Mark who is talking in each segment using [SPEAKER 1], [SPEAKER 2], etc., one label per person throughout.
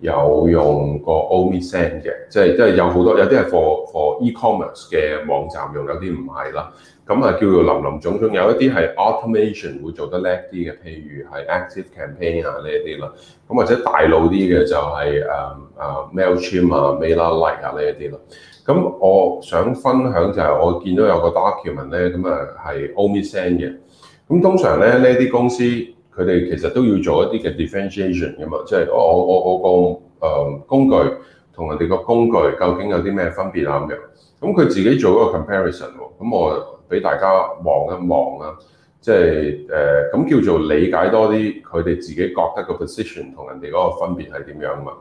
[SPEAKER 1] 有用過 Omisend 嘅，即係即係有好多，有啲係 for for e-commerce 嘅網站用，有啲唔係啦。咁啊，叫做林林總總，有一啲係 automation 會做得叻啲嘅，譬如係 active campaign 啊呢一啲啦。咁或者大腦啲嘅就係誒誒 Mailchimp 啊、MailerLite 啊呢一啲啦。咁我想分享就係我見到有個 document 咧，咁啊係 Omisend 嘅。咁通常咧呢啲公司。佢哋其實都要做一啲嘅 differentiation 㗎嘛，即係我我我個誒工具同人哋個工具究竟有啲咩分別啊咁樣，咁佢自己做嗰個 comparison 咁我俾大家望一望啊，即係誒咁叫做理解多啲佢哋自己覺得個 position 同人哋嗰個分別係點樣啊？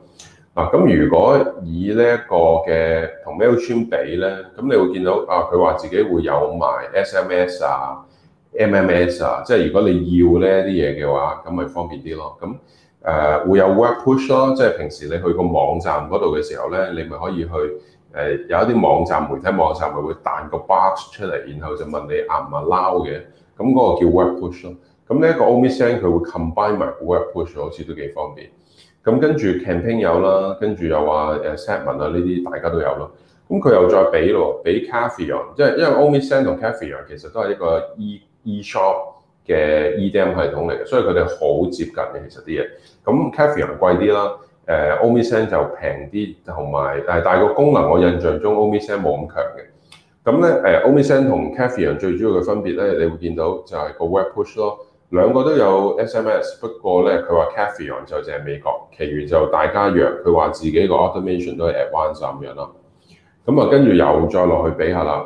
[SPEAKER 1] 嗱，咁如果以呢一個嘅同 Mailchimp 比咧，咁你會見到啊，佢話自己會有埋 SMS 啊。MMS 啊，MS，即係如果你要呢啲嘢嘅話，咁咪方便啲咯。咁誒、呃、會有 web push 咯，即係平時你去個網站嗰度嘅時候咧，你咪可以去誒、呃、有一啲網站媒體網站咪會彈個 box 出嚟，然後就問你按唔按撈嘅。咁嗰個叫 web push 咯。咁呢一個 Omnisend 佢會 combine 埋 web push，好似都幾方便。咁跟住 campaign 有啦，跟住又話誒 set 文啊呢啲大家都有咯。咁佢又再俾咯，俾 cafeon，即係因為 Omnisend 同 cafeon 其實都係一個依。eShop 嘅 eDM 系統嚟嘅，所以佢哋好接近嘅其實啲嘢。咁 Klaviyo 貴啲啦，Omnisend 就平啲，同埋但係個功能我印象中 Omnisend 冇咁強嘅。咁咧 Omnisend 同 Klaviyo 最主要嘅分別咧，你會見到就係個 Web Push 咯，兩個都有 SMS，不過呢，佢話 Klaviyo 就淨係美國，其餘就大家樣。佢話自己個 Automation 都係 at once 咁樣咯。咁啊，跟住又再落去比一下啦。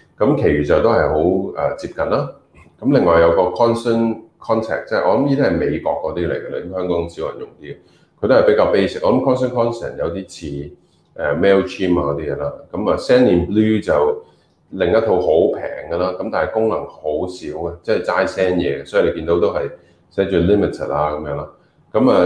[SPEAKER 1] 咁，其餘就都係好誒接近啦。咁另外有個 Constant Contact，即係我諗呢啲係美國嗰啲嚟嘅，啦，啲香港少人用啲。嘅。佢都係比較 basic。我諗 Constant Contact 有啲似誒 Mailchimp 啊啲嘢啦。咁啊，SendinBlue 就另一套好平㗎啦。咁但係功能好少嘅，即係齋 send 嘢。所以你見到都係寫住 limited 啊咁樣啦。咁、嗯、啊，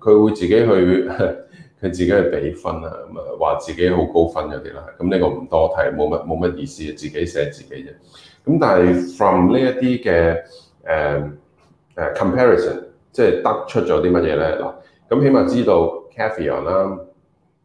[SPEAKER 1] 佢、呃、會自己去。 佢自己俾分啦，咁啊話自己好高分嗰啲啦，咁呢個唔多睇，冇乜冇乜意思，自己寫自己啫。咁但係 from 呢一啲嘅誒誒 comparison，即係得出咗啲乜嘢咧？嗱，咁起碼知道 Klaviyo 啦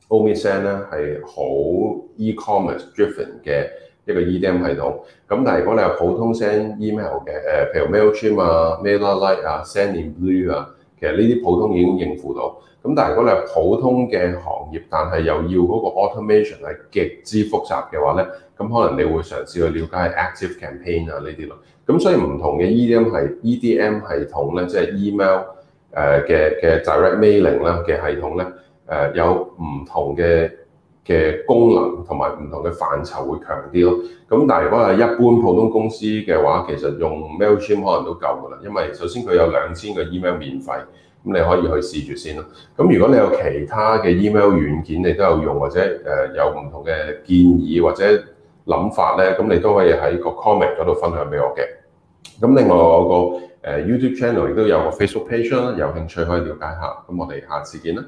[SPEAKER 1] ，Omnisend 咧係好 e-commerce driven 嘅一個 EDM 系統。咁但係如果你話普通 send email 嘅，誒譬如 Mailchimp 啊、MailerLite 啊、Sendinblue 啊。其實呢啲普通已經應付到，咁但係如果你係普通嘅行業，但係又要嗰個 automation 係極之複雜嘅話咧，咁可能你會嘗試去了解 Active Campaign 啊呢啲咯。咁所以唔同嘅 EDM 係 EDM 系統咧，即係 email 誒嘅嘅 direct mailing 啦嘅系統咧，誒有唔同嘅。嘅功能同埋唔同嘅範疇會強啲咯。咁但係如果係一般普通公司嘅話，其實用 MailChimp 可能都夠㗎啦。因為首先佢有兩千個 email 免費，咁你可以去試住先啦。咁如果你有其他嘅 email 軟件你都有用，或者誒有唔同嘅建議或者諗法咧，咁你都可以喺個 comment 嗰度分享俾我嘅。咁另外我個 YouTube channel 亦都有個 Facebook page 啦，有興趣可以了解下。咁我哋下次見啦。